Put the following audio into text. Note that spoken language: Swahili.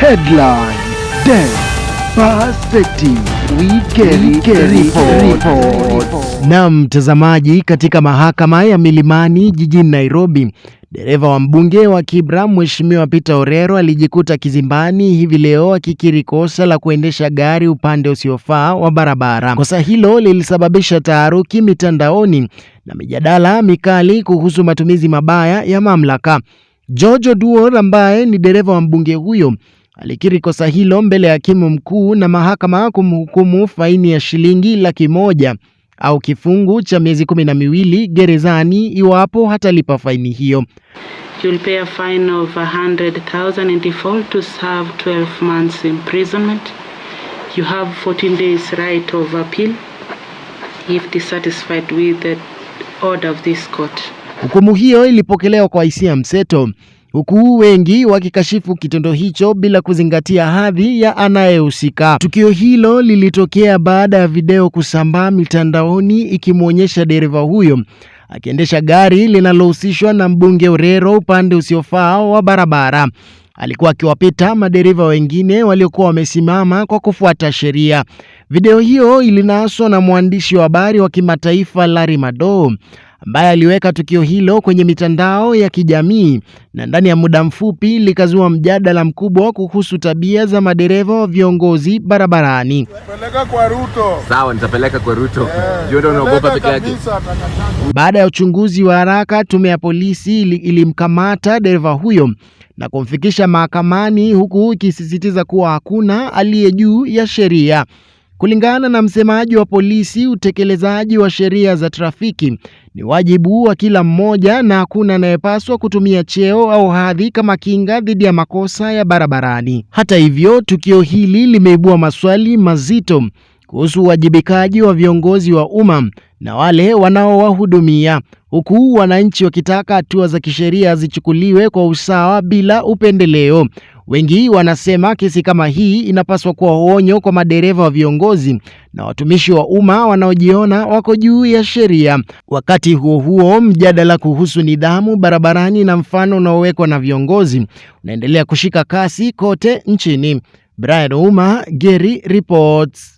Headline Death Na mtazamaji, katika mahakama ya Milimani jijini Nairobi, dereva wa mbunge wa Kibra Mheshimiwa Peter Orero alijikuta kizimbani hivi leo akikiri kosa la kuendesha gari upande usiofaa wa barabara. Kosa hilo lilisababisha taharuki mitandaoni na mijadala mikali kuhusu matumizi mabaya ya mamlaka. George Oduor ambaye ni dereva wa mbunge huyo alikiri kosa hilo mbele ya hakimu mkuu na mahakama kumhukumu faini ya shilingi laki moja au kifungu cha miezi kumi na miwili gerezani iwapo hatalipa faini hiyo. You'll pay a fine of 100,000 in default to serve 12 months imprisonment. You have 14 days right of appeal if dissatisfied with the order of this court. Hukumu hiyo ilipokelewa kwa hisia mseto huku wengi wakikashifu kitendo hicho bila kuzingatia hadhi ya anayehusika. Tukio hilo lilitokea baada ya video kusambaa mitandaoni ikimwonyesha dereva huyo akiendesha gari linalohusishwa na mbunge urero upande usiofaa wa barabara. Alikuwa akiwapita madereva wengine waliokuwa wamesimama kwa kufuata sheria. Video hiyo ilinaswa na mwandishi wa habari wa kimataifa Larry Madowo ambaye aliweka tukio hilo kwenye mitandao ya kijamii na ndani ya muda mfupi likazua mjadala mkubwa kuhusu tabia za madereva wa viongozi barabarani. Peleka kwa Ruto. Sawa, nitapeleka kwa Ruto. Yeah. Baada ya uchunguzi wa haraka, tume ya polisi ilimkamata dereva huyo na kumfikisha mahakamani huku ikisisitiza kuwa hakuna aliye juu ya sheria. Kulingana na msemaji wa polisi, utekelezaji wa sheria za trafiki ni wajibu wa kila mmoja na hakuna anayepaswa kutumia cheo au hadhi kama kinga dhidi ya makosa ya barabarani. Hata hivyo, tukio hili limeibua maswali mazito kuhusu uwajibikaji wa viongozi wa umma na wale wanaowahudumia, huku wananchi wakitaka hatua za kisheria zichukuliwe kwa usawa bila upendeleo. Wengi wanasema kesi kama hii inapaswa kuwa onyo kwa madereva wa viongozi na watumishi wa umma wanaojiona wako juu ya sheria. Wakati huo huo, mjadala kuhusu nidhamu barabarani na mfano unaowekwa na viongozi unaendelea kushika kasi kote nchini. Brian Ouma, Geri Reports.